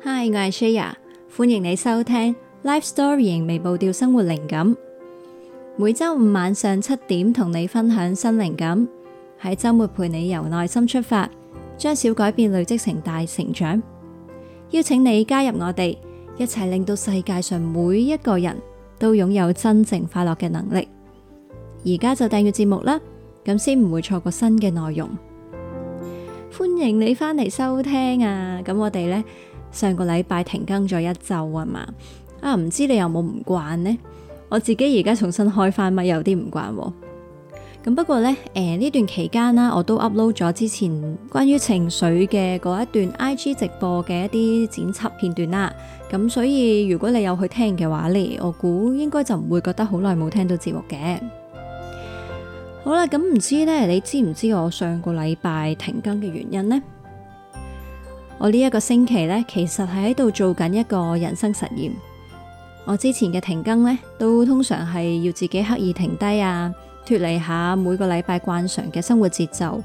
Hi，我係 s h i y a，歡迎你收聽 Life Story 微步調生活靈感，每周五晚上七點同你分享新靈感，喺周末陪你由內心出發，將小改變累積成大成長。邀請你加入我哋，一齊令到世界上每一個人都擁有真正快樂嘅能力。而家就訂閱節目啦，咁先唔會錯過新嘅內容。歡迎你翻嚟收聽啊，咁我哋呢。上個禮拜停更咗一周啊嘛，啊唔知你有冇唔慣呢？我自己而家重新開翻咪有啲唔慣，咁不過呢，誒、呃、呢段期間啦，我都 upload 咗之前關於情緒嘅嗰一段 IG 直播嘅一啲剪輯片段啦，咁所以如果你有去聽嘅話呢，我估應該就唔會覺得好耐冇聽到節目嘅。好啦，咁唔知呢，你知唔知我上個禮拜停更嘅原因呢？我呢一個星期咧，其實係喺度做緊一個人生實驗。我之前嘅停更咧，都通常係要自己刻意停低啊，脫離下每個禮拜慣常嘅生活節奏，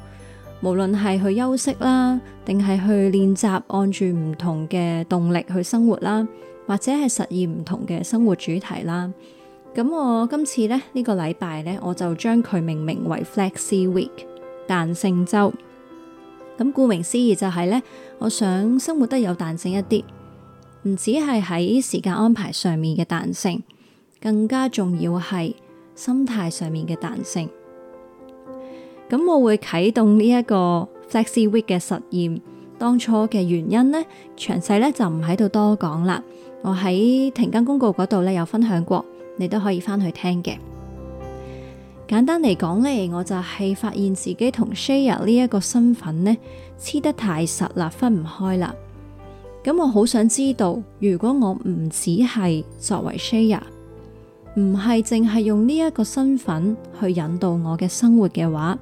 無論係去休息啦，定係去練習按住唔同嘅動力去生活啦，或者係實驗唔同嘅生活主題啦。咁我今次咧，呢個禮拜咧，我就將佢命名為 Flexi Week，彈性週。咁顧名思義就係咧。我想生活得有彈性一啲，唔止係喺時間安排上面嘅彈性，更加重要係心態上面嘅彈性。咁我會啟動呢一個 FlexiWeek 嘅實驗，當初嘅原因呢，詳細咧就唔喺度多講啦。我喺停更公告嗰度咧有分享過，你都可以翻去聽嘅。簡單嚟講呢，我就係發現自己同 Shayla 呢一個身份呢，黐得太實啦，分唔開啦。咁我好想知道，如果我唔只係作為 Shayla，唔係淨係用呢一個身份去引導我嘅生活嘅話，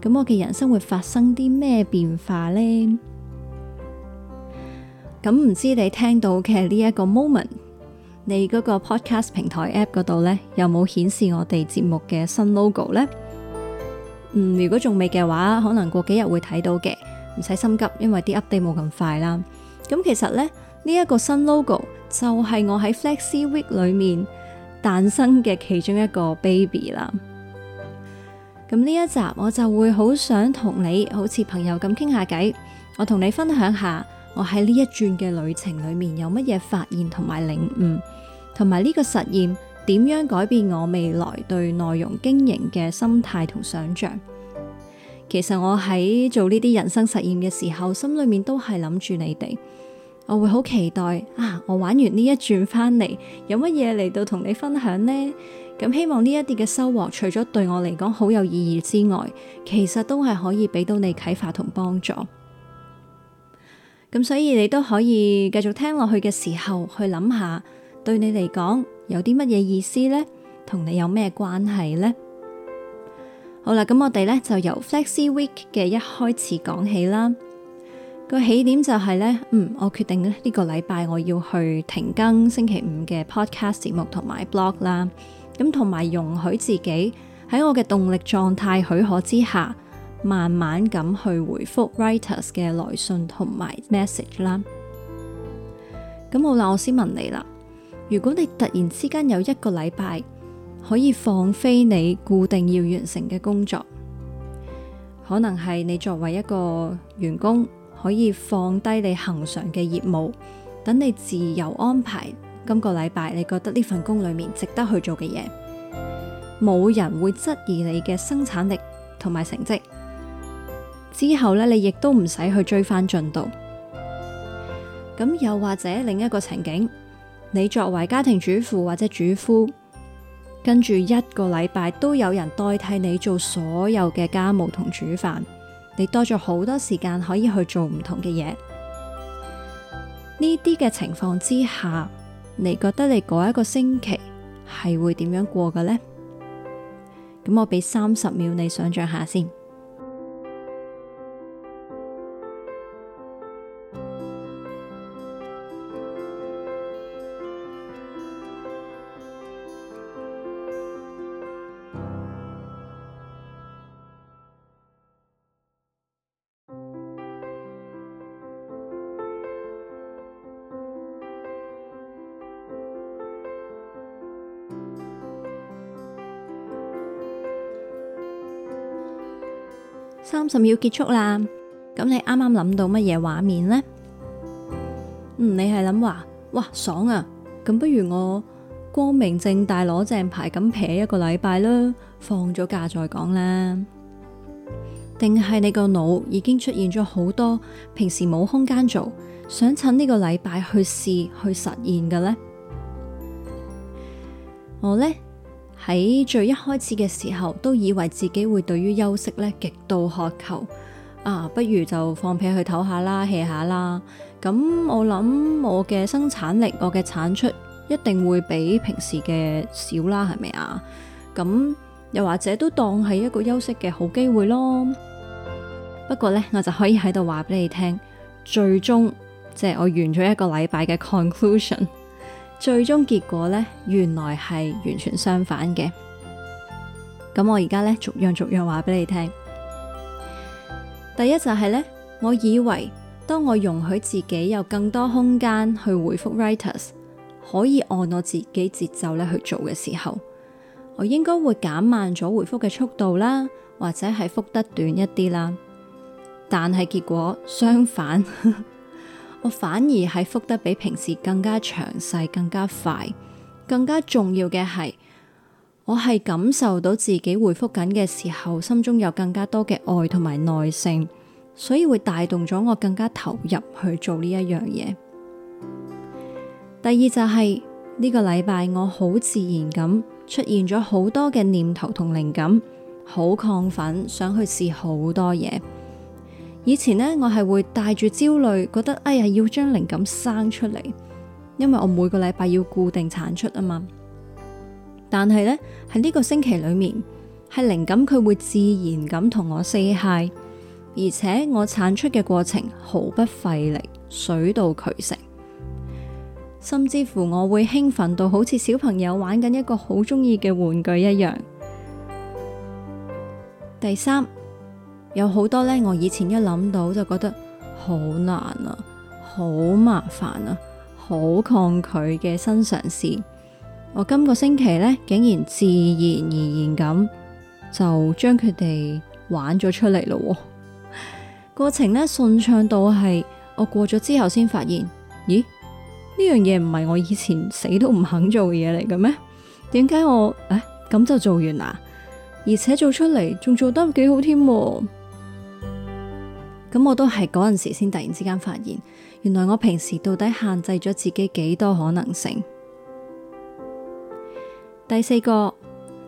咁我嘅人生會發生啲咩變化呢？咁唔知你聽到嘅呢一個 moment？你嗰個 podcast 平台 app 嗰度呢，有冇顯示我哋節目嘅新 logo 呢？嗯，如果仲未嘅話，可能過幾日會睇到嘅，唔使心急，因為啲 update 冇咁快啦。咁其實呢，呢一個新 logo 就係我喺 Flexi Week 裏面誕生嘅其中一個 baby 啦。咁呢一集我就會好想同你好似朋友咁傾下偈，我同你分享下。我喺呢一轉嘅旅程裏面有乜嘢發現同埋領悟，同埋呢個實驗點樣改變我未來對內容經營嘅心態同想象？其實我喺做呢啲人生實驗嘅時候，心裏面都係諗住你哋，我會好期待啊！我玩完呢一轉返嚟，有乜嘢嚟到同你分享呢？咁希望呢一啲嘅收穫，除咗對我嚟講好有意義之外，其實都係可以俾到你啟發同幫助。咁所以你都可以繼續聽落去嘅時候，去諗下對你嚟講有啲乜嘢意思呢？同你有咩關係呢？好啦，咁我哋咧就由 Flexi Week 嘅一開始講起啦。個起點就係咧，嗯，我決定呢個禮拜我要去停更星期五嘅 Podcast 節目同埋 blog 啦。咁同埋容許自己喺我嘅動力狀態許可之下。慢慢咁去回覆 writers 嘅來信同埋 message 啦。咁好啦，我先問你啦。如果你突然之間有一個禮拜可以放飛你固定要完成嘅工作，可能係你作為一個員工可以放低你恆常嘅業務，等你自由安排。今個禮拜，你覺得呢份工裏面值得去做嘅嘢，冇人會質疑你嘅生產力同埋成績。之後咧，你亦都唔使去追翻進度。咁又或者另一個情景，你作為家庭主婦或者主夫，跟住一個禮拜都有人代替你做所有嘅家務同煮飯，你多咗好多時間可以去做唔同嘅嘢。呢啲嘅情況之下，你覺得你嗰一個星期係會點樣過嘅呢？咁我俾三十秒你想象下先。三十秒結束啦，咁你啱啱諗到乜嘢畫面呢？嗯，你係諗話，哇，爽啊！咁不如我光明正大攞正牌咁撇一個禮拜啦，放咗假再講啦。定係你個腦已經出現咗好多平時冇空間做，想趁呢個禮拜去試去實現嘅呢？我呢。」喺最一開始嘅時候，都以為自己會對於休息咧極度渴求，啊，不如就放屁去唞下啦，歇下啦。咁我諗我嘅生產力，我嘅產出，一定會比平時嘅少啦，係咪啊？咁又或者都當係一個休息嘅好機會咯。不過呢，我就可以喺度話俾你聽，最終即係我完咗一個禮拜嘅 conclusion。最終結果呢，原來係完全相反嘅。咁我而家呢，逐樣逐樣話俾你聽。第一就係呢，我以為當我容許自己有更多空間去回覆 writers，可以按我自己節奏咧去做嘅時候，我應該會減慢咗回覆嘅速度啦，或者係覆得短一啲啦。但係結果相反。 我反而係覆得比平時更加詳細，更加快。更加重要嘅係，我係感受到自己回覆緊嘅時候，心中有更加多嘅愛同埋耐性，所以會帶動咗我更加投入去做呢一樣嘢。第二就係呢個禮拜，我好自然咁出現咗好多嘅念頭同靈感，好亢奮，想去試好多嘢。以前呢，我係會帶住焦慮，覺得哎呀要將靈感生出嚟，因為我每個禮拜要固定產出啊嘛。但係呢，喺呢個星期裏面，係靈感佢會自然咁同我 say hi，而且我產出嘅過程毫不費力，水到渠成，甚至乎我會興奮到好似小朋友玩緊一個好鍾意嘅玩具一樣。第三。有好多呢，我以前一諗到就覺得好難啊，好麻煩啊，好抗拒嘅新嘗試。我今個星期呢，竟然自然而然咁就將佢哋玩咗出嚟咯。過程呢，順暢到係我過咗之後先發現，咦？呢樣嘢唔係我以前死都唔肯做嘅嘢嚟嘅咩？點解我誒咁就做完啦？而且做出嚟仲做得幾好添啊。咁我都係嗰陣時先突然之間發現，原來我平時到底限制咗自己幾多可能性？第四個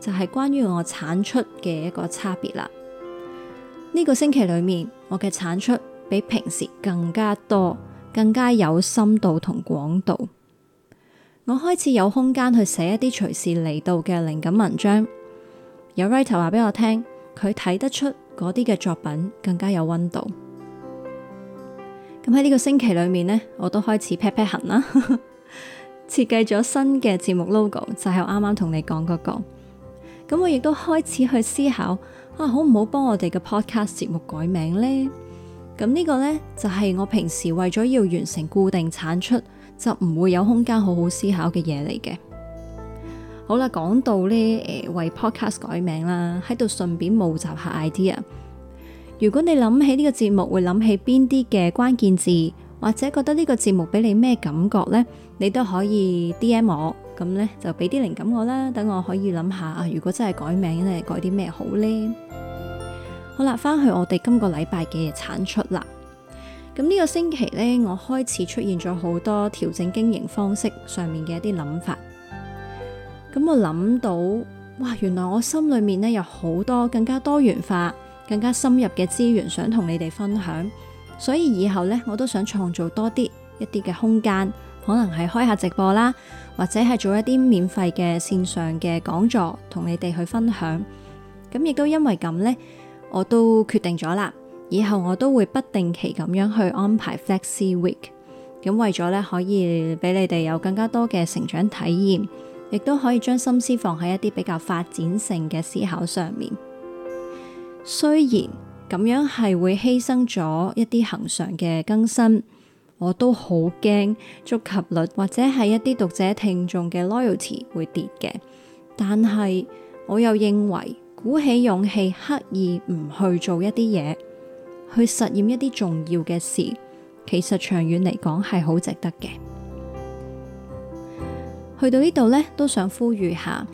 就係、是、關於我產出嘅一個差別啦。呢、這個星期裏面，我嘅產出比平時更加多，更加有深度同廣度。我開始有空間去寫一啲隨時嚟到嘅靈感文章。有 writer 話俾我聽，佢睇得出嗰啲嘅作品更加有溫度。咁喺呢個星期裏面呢，我都開始 pat pat 痕啦，設計咗新嘅節目 logo，就係我啱啱同你講嗰、那個。咁我亦都開始去思考啊，好唔好幫我哋嘅 podcast 節目改名呢？咁呢個呢，就係、是、我平時為咗要完成固定產出，就唔會有空間好好思考嘅嘢嚟嘅。好啦，講到呢，誒，為 podcast 改名啦，喺度順便募集下 idea。如果你諗起呢個節目會諗起邊啲嘅關鍵字，或者覺得呢個節目俾你咩感覺呢？你都可以 DM 我，咁呢就俾啲靈感我啦，等我可以諗下啊，如果真係改名呢，改啲咩好呢？好啦，返去我哋今個禮拜嘅產出啦。咁呢個星期呢，我開始出現咗好多調整經營方式上面嘅一啲諗法。咁我諗到，哇，原來我心裏面呢有好多更加多元化，更加深入嘅資源，想同你哋分享，所以以後呢，我都想創造多啲一啲嘅空間，可能係開下直播啦，或者係做一啲免費嘅線上嘅講座，同你哋去分享。咁亦都因為咁呢，我都決定咗啦，以後我都會不定期咁樣去安排 Flexi Week，咁為咗咧可以俾你哋有更加多嘅成長體驗，亦都可以將心思放喺一啲比較發展性嘅思考上面。雖然咁樣係會犧牲咗一啲恒常嘅更新，我都好驚觸及率或者係一啲讀者聽眾嘅 loyalty 會跌嘅，但係我又認為鼓起勇氣刻意唔去做一啲嘢，去實驗一啲重要嘅事，其實長遠嚟講係好值得嘅。去到呢度呢，都想呼籲下，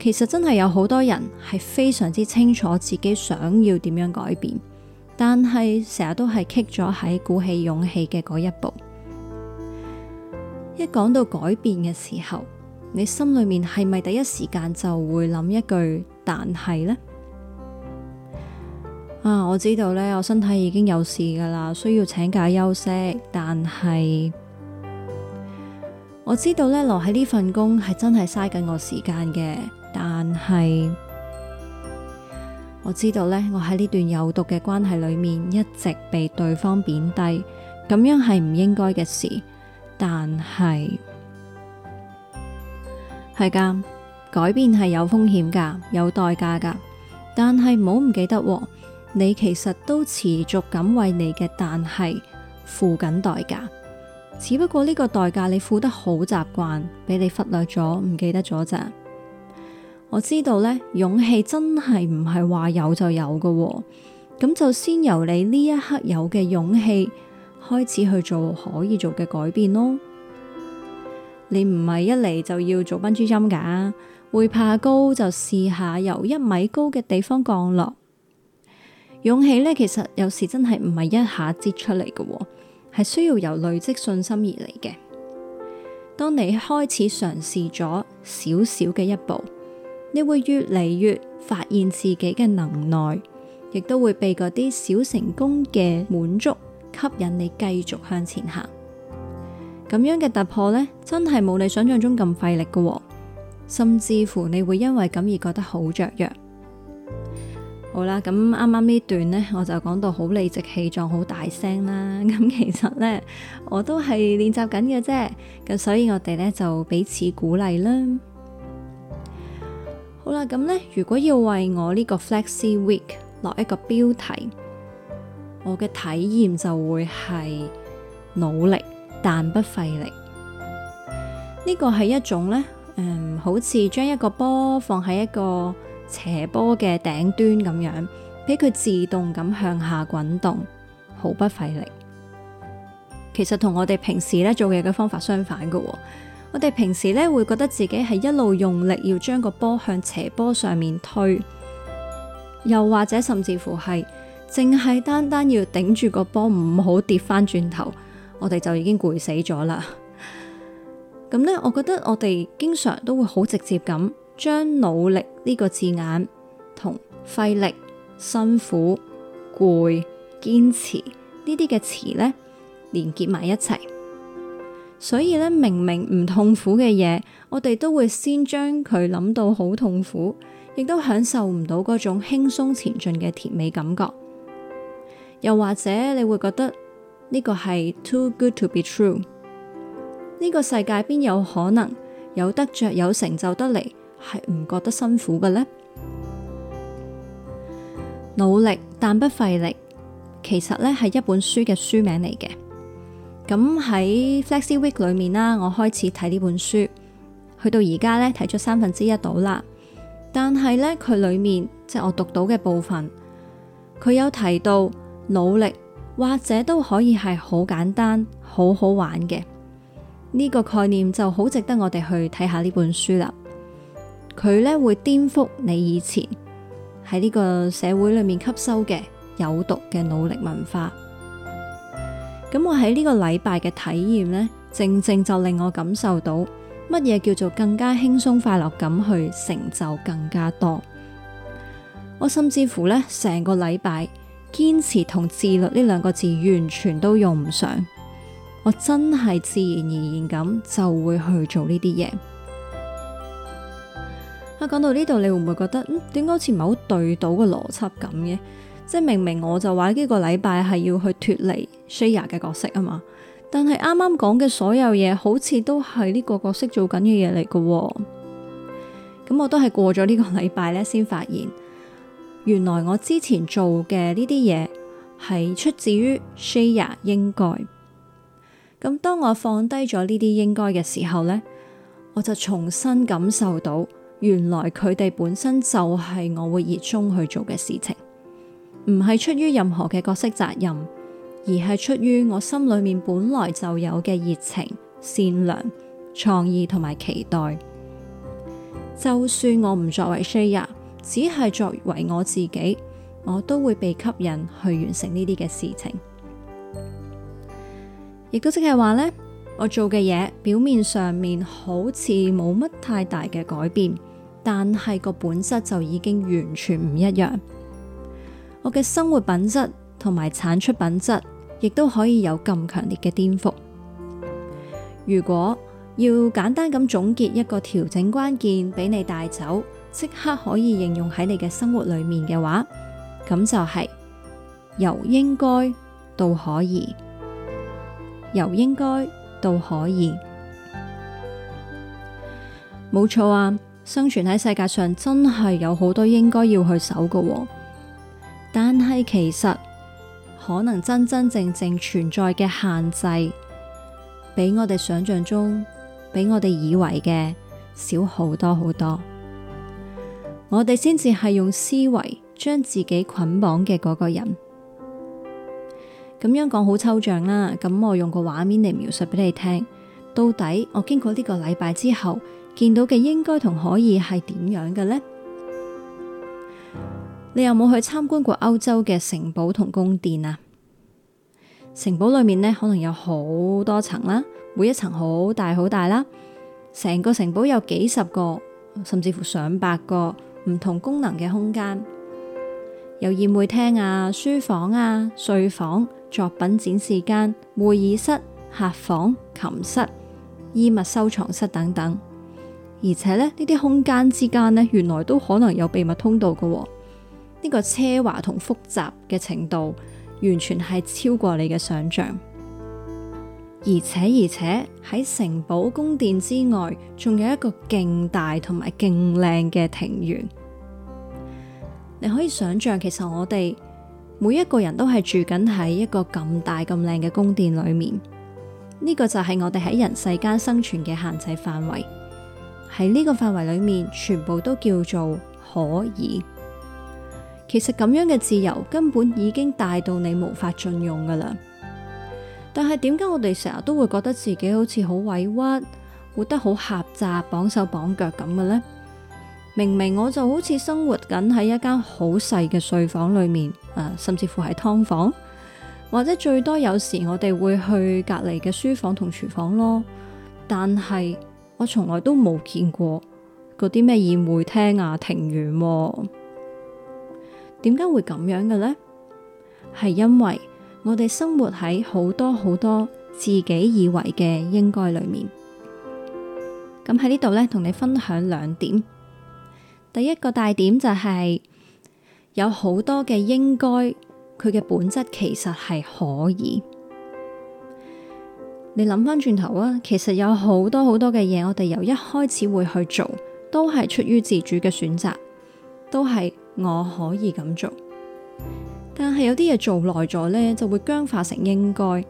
其實真係有好多人係非常之清楚自己想要點樣改變，但係成日都係棘咗喺鼓起勇氣嘅嗰一步。一講到改變嘅時候，你心裏面係咪第一時間就會諗一句：「但係」呢？啊，我知道咧，我身體已經有事噶啦，需要請假休息，但係。我知道咧，留喺呢份工係真係嘥緊我時間嘅。但係我知道咧，我喺呢段有毒嘅關係裏面，一直被對方貶低，咁樣係唔應該嘅事。但係係噶，改變係有風險噶，有代價噶。但係唔好唔記得，你其實都持續咁為你嘅，但係付緊代價。只不過呢個代價，你付得好習慣，俾你忽略咗，唔記得咗咋。我知道呢，勇氣真係唔係話有就有噶，哦，咁就先由你呢一刻有嘅勇氣開始去做可以做嘅改變咯。你唔係一嚟就要做班豬針噶，會怕高就試下由一米高嘅地方降落。勇氣呢，其實有時真係唔係一下擠出嚟噶，哦，係需要由累積信心而嚟嘅。當你開始嘗試咗小小嘅一步，你會越嚟越發現自己嘅能耐，亦都會被嗰啲小成功嘅滿足吸引，你繼續向前行。咁樣嘅突破呢，真係冇你想象中咁費力㗎喎，甚至乎你會因為咁而覺得好雀躍。好啦，咁啱啱呢段呢，我就講到好理直氣壯，好大聲啦。咁其實呢，我都係練習緊嘅啫，咁所以我哋呢，就彼此鼓勵啦。好啦，咁呢，如果要為我呢個 Flexi Week 落一個標題，我嘅體驗就會係努力但不費力。呢個係一種呢，嗯，好似將一個波放喺一個。斜坡嘅頂端咁樣，俾佢自動咁向下滾動，毫不費力。其實同我哋平時咧做嘢嘅方法相反噶。我哋平時咧會覺得自己係一路用力要將個波向斜坡上面推，又或者甚至乎係淨係單單要頂住個波唔好跌翻轉頭，我哋就已經攰死咗啦。咁咧，我覺得我哋經常都會好直接咁。將努力呢個字眼同費力、辛苦、攰、堅持呢啲嘅詞呢連結埋一齊，所以呢，明明唔痛苦嘅嘢，我哋都會先將佢諗到好痛苦，亦都享受唔到嗰種輕鬆前進嘅甜美感覺。又或者你會覺得呢個係 too good to be true，呢個世界邊有可能有得着、有成就得嚟？係唔覺得辛苦嘅呢？努力但不費力，其實呢係一本書嘅書名嚟嘅。咁喺 Flexi Week 裏面啦，我開始睇呢本書，去到而家呢，睇咗三分之一度啦。但係呢，佢裏面即係我讀到嘅部分，佢有提到努力或者都可以係好簡單、好好玩嘅呢個概念，就好值得我哋去睇下呢本書啦。佢咧會顛覆你以前喺呢個社會裏面吸收嘅有毒嘅努力文化。咁我喺呢個禮拜嘅體驗呢，正正就令我感受到乜嘢叫做更加輕鬆快樂，咁去成就更加多。我甚至乎呢，成個禮拜堅持同自律呢兩個字完全都用唔上，我真係自然而然咁就會去做呢啲嘢。啊，講到呢度，你會唔會覺得，嗯，點解好似唔係好對到個邏輯咁嘅？即係明明我就話呢個禮拜係要去脱離 share 嘅角色啊嘛，但係啱啱講嘅所有嘢，好似都係呢個角色做緊嘅嘢嚟噶。咁我都係過咗呢個禮拜咧，先發現原來我之前做嘅呢啲嘢係出自於 share 應該。咁當我放低咗呢啲應該嘅時候咧，我就重新感受到。原來佢哋本身就係我會熱衷去做嘅事情，唔係出於任何嘅角色責任，而係出於我心裏面本來就有嘅熱情、善良、創意同埋期待。就算我唔作為 share，只係作為我自己，我都會被吸引去完成呢啲嘅事情。亦都即係話呢，我做嘅嘢，表面上面好似冇乜太大嘅改變。但係個本質就已經完全唔一樣，我嘅生活品質同埋產出品質，亦都可以有咁強烈嘅顛覆。如果要簡單咁總結一個調整關鍵俾你帶走，即刻可以應用喺你嘅生活裏面嘅話，咁就係：由應該到可以，由應該到可以，冇錯啊！生存喺世界上真係有好多應該要去守嘅喎，但係其實可能真真正正存在嘅限制，比我哋想象中，比我哋以為嘅少好多好多。我哋先至係用思維將自己捆綁嘅嗰個人。咁樣講好抽象啦，咁我用個畫面嚟描述俾你聽。到底我經過呢個禮拜之後，見到嘅應該同可以係點樣嘅呢？你有冇去參觀過歐洲嘅城堡同宮殿啊？城堡裏面呢，可能有好多層啦，每一層好大好大啦。成個城堡有幾十個，甚至乎上百個唔同功能嘅空間，有宴會廳啊、書房啊、睡房、作品展示間、會議室、客房、琴室、衣物收藏室等等。而且呢，呢啲空間之間呢，原來都可能有秘密通道嘅喎。呢個奢華同複雜嘅程度，完全係超過你嘅想象。而且而且喺城堡宮殿之外，仲有一個勁大同埋勁靚嘅庭園。你可以想象，其實我哋每一個人都係住緊喺一個咁大咁靚嘅宮殿裏面。呢個就係我哋喺人世間生存嘅限制範圍。喺呢個範圍裏面，全部都叫做可以。其實咁樣嘅自由根本已經大到你無法盡用噶啦。但係點解我哋成日都會覺得自己好似好委屈，活得好狹窄，綁手綁腳咁嘅呢？明明我就好似生活緊喺一間好細嘅睡房裏面，誒、啊，甚至乎喺劏房，或者最多有時我哋會去隔籬嘅書房同廚房咯。但係。我從來都冇見過嗰啲咩宴會廳啊、庭院喎，點解會咁樣嘅呢？係因為我哋生活喺好多好多自己以為嘅應該裏面。咁喺呢度呢，同你分享兩點。第一個大點就係、是、有好多嘅應該，佢嘅本質其實係可以。你諗翻轉頭啊，其實有好多好多嘅嘢，我哋由一開始會去做，都係出於自主嘅選擇，都係我可以咁做。但係有啲嘢做耐咗呢，就會僵化成應該。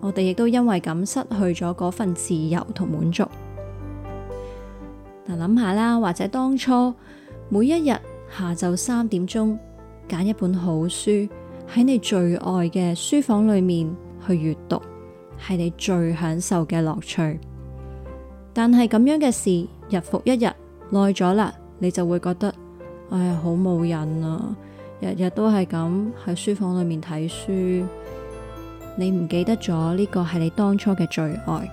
我哋亦都因為咁失去咗嗰份自由同滿足。嗱，諗下啦，或者當初每一日下晝三點鐘，揀一本好書，喺你最愛嘅書房裏面去閱讀。係你最享受嘅樂趣，但係咁樣嘅事日復一日耐咗啦，你就會覺得唉，好冇癮啊！日日都係咁喺書房裏面睇書，你唔記得咗呢個係你當初嘅最愛。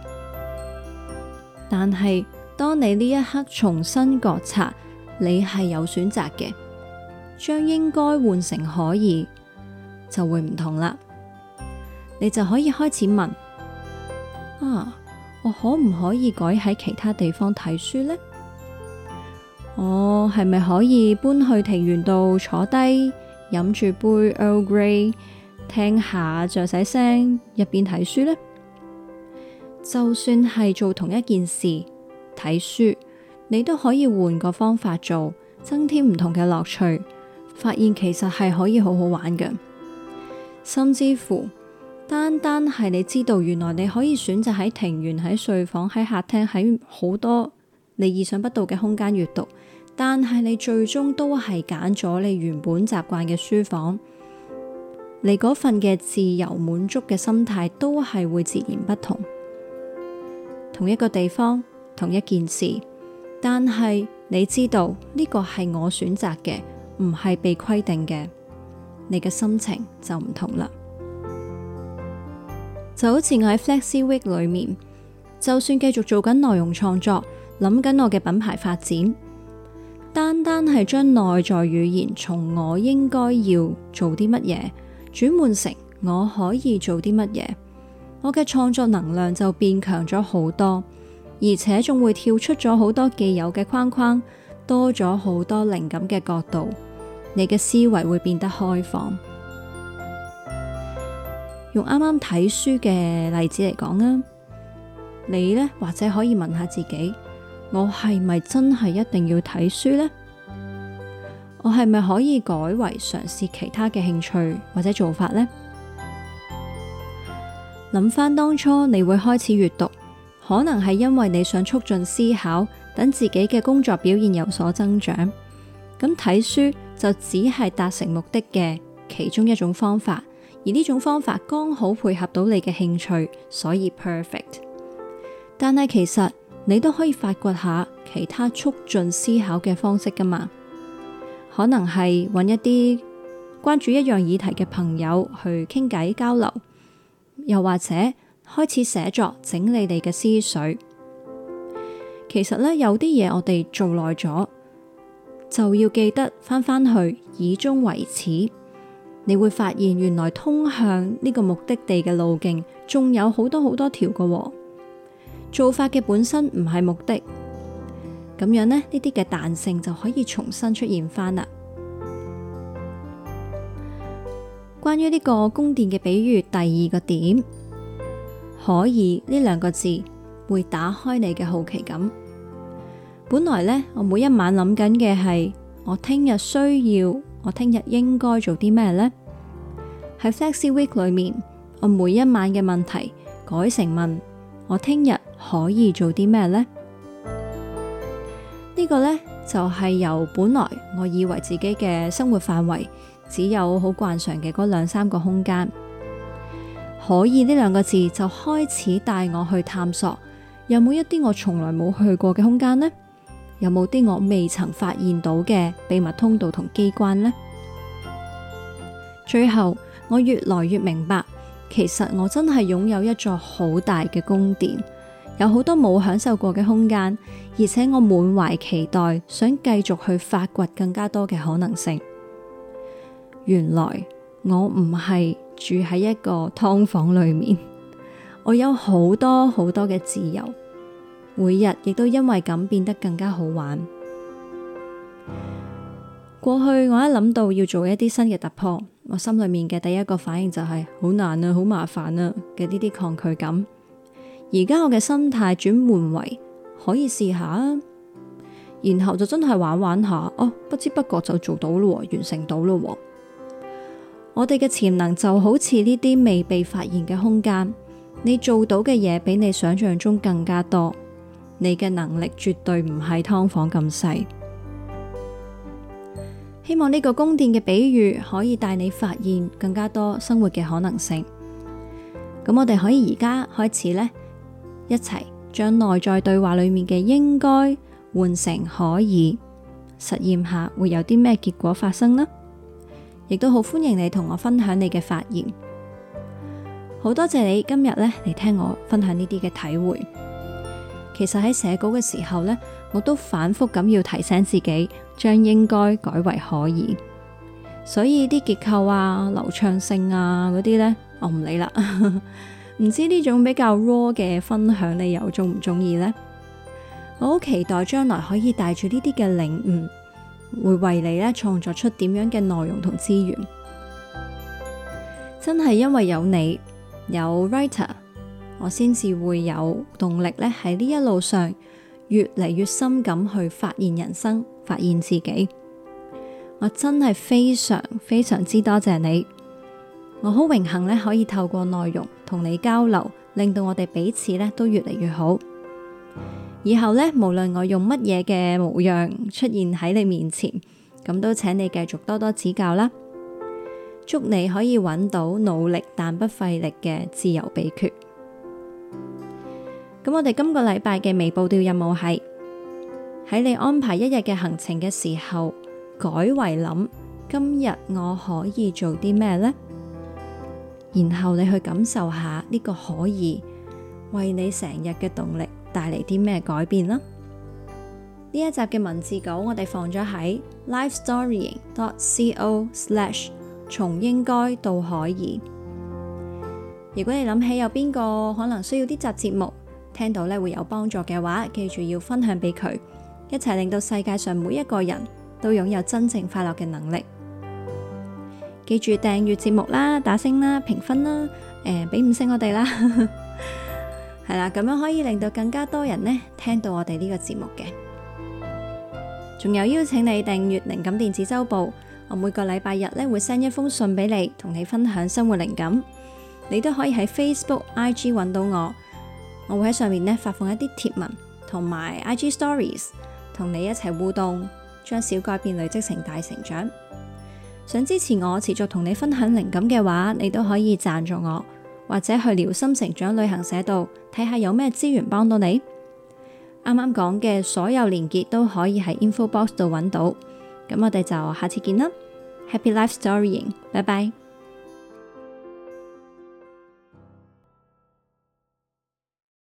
但係當你呢一刻重新覺察，你係有選擇嘅，將應該換成可以，就會唔同啦。你就可以開始問。啊！我可唔可以改喺其他地方睇書呢？我係咪可以搬去庭院度坐低，飲住杯 Earl Grey，聽下雀仔聲，入邊睇書呢？就算係做同一件事，睇書，你都可以換個方法做，增添唔同嘅樂趣，發現其實係可以好好玩嘅，甚至乎。單單係你知道，原來你可以選擇喺庭園、喺睡房、喺客廳、喺好多你意想不到嘅空間閱讀，但係你最終都係揀咗你原本習慣嘅書房，你嗰份嘅自由滿足嘅心態都係會截然不同。同一個地方，同一件事，但係你知道呢個係我選擇嘅，唔係被規定嘅，你嘅心情就唔同啦。就好似我喺 Flexi Week 裏面，就算繼續做緊內容創作，諗緊我嘅品牌發展，單單係將內在語言從我應該要做啲乜嘢，轉換成我可以做啲乜嘢，我嘅創作能量就變強咗好多，而且仲會跳出咗好多既有嘅框框，多咗好多靈感嘅角度，你嘅思維會變得開放。用啱啱睇書嘅例子嚟講啊，你呢？或者可以問下自己：我係咪真係一定要睇書呢？我係咪可以改為嘗試其他嘅興趣或者做法呢？諗翻當初你會開始閱讀，可能係因為你想促進思考，等自己嘅工作表現有所增長。咁睇書就只係達成目的嘅其中一種方法。而呢種方法剛好配合到你嘅興趣，所以 perfect。但係其實你都可以發掘下其他促進思考嘅方式噶嘛，可能係搵一啲關注一樣議題嘅朋友去傾偈交流，又或者開始寫作整理你嘅思緒。其實咧有啲嘢我哋做耐咗，就要記得翻返去以終為始。你會發現原來通向呢個目的地嘅路徑仲有好多好多條噶喎，做法嘅本身唔係目的，咁樣咧呢啲嘅彈性就可以重新出現翻啦。關於呢個宮殿嘅比喻，第二個點，可以呢兩個字會打開你嘅好奇感。本來呢，我每一晚諗緊嘅係我聽日需要。我聽日應該做啲咩呢？喺 Flexi Week 裏面，我每一晚嘅問題改成問我聽日可以做啲咩呢？呢個呢，就係由本來我以為自己嘅生活範圍只有好慣常嘅嗰兩三個空間，可以呢兩個字就開始帶我去探索，有冇一啲我從來冇去過嘅空間呢？有冇啲我未曾發現到嘅秘密通道同機關呢？最後我越來越明白，其實我真係擁有一座好大嘅宮殿，有好多冇享受過嘅空間，而且我滿懷期待，想繼續去發掘更加多嘅可能性。原來我唔係住喺一個劏房裏面，我有好多好多嘅自由。每日亦都因為咁變得更加好玩。過去我一諗到要做一啲新嘅突破，我心裏面嘅第一個反應就係、是、好難啊，好麻煩啊嘅呢啲抗拒感。而家我嘅心態轉換為可以試下啊，然後就真係玩玩下哦、啊，不知不覺就做到咯，完成到咯。我哋嘅潛能就好似呢啲未被發現嘅空間，你做到嘅嘢比你想象中更加多。你嘅能力絕對唔係劏房咁細，希望呢個宮殿嘅比喻可以帶你發現更加多生活嘅可能性。咁我哋可以而家開始呢，一齊將內在對話裏面嘅應該換成可以，實驗下會有啲咩結果發生呢？亦都好歡迎你同我分享你嘅發言。好多謝你今日咧嚟聽我分享呢啲嘅體會。其實喺寫稿嘅時候呢，我都反覆咁要提醒自己，將應該改為可以，所以啲結構啊、流暢性啊嗰啲呢，我唔理啦。唔 知呢種比較 raw 嘅分享，你又中唔中意呢？我好期待將來可以帶住呢啲嘅領悟，會為你呢創作出點樣嘅內容同資源。真係因為有你，有 writer，我先至會有動力咧，喺呢一路上越嚟越深咁去發現人生，發現自己。我真係非常非常之多謝你，我好榮幸咧可以透過內容同你交流，令到我哋彼此咧都越嚟越好。以後呢，無論我用乜嘢嘅模樣出現喺你面前，咁都請你繼續多多指教啦。祝你可以揾到努力但不費力嘅自由秘訣。咁我哋今個禮拜嘅微步調任務係喺你安排一日嘅行程嘅時候，改為諗今日我可以做啲咩呢？然後你去感受下呢個可以為你成日嘅動力帶嚟啲咩改變啦。呢一集嘅文字稿我哋放咗喺 Life Storying dot co slash 從應該到可以。如果你諗起有邊個可能需要呢集節目？聽到咧會有幫助嘅話，記住要分享俾佢，一齊令到世界上每一個人都擁有真正快樂嘅能力。記住訂閱節目啦，打星啦，評分啦，誒，俾五星我哋啦，係啦，咁樣可以令到更加多人咧聽到我哋呢個節目嘅。仲有邀請你訂閱靈感電子周報，我每個禮拜日咧會 send 一封信俾你，同你分享生活靈感。你都可以喺 Facebook、IG 揾到我。我會喺上面咧發放一啲貼文同埋 IG Stories，同你一齊互動，將小改變累積成大成長。想支持我持續同你分享靈感嘅話，你都可以贊助我，或者去聊心成長旅行社度睇下有咩資源幫到你。啱啱講嘅所有連結都可以喺 info box 度揾到。咁我哋就下次見啦，Happy life storying，拜拜。